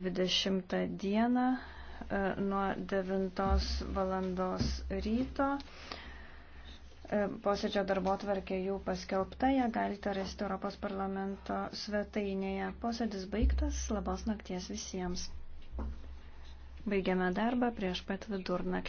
20 dieną e, nuo 9 valandos ryto. E, posėdžio darbo tvarkė jau paskelbta, ją galite rasti Europos parlamento svetainėje. Posėdis baigtas, labos nakties visiems. Baigiame darbą prieš pat vidurnaktį.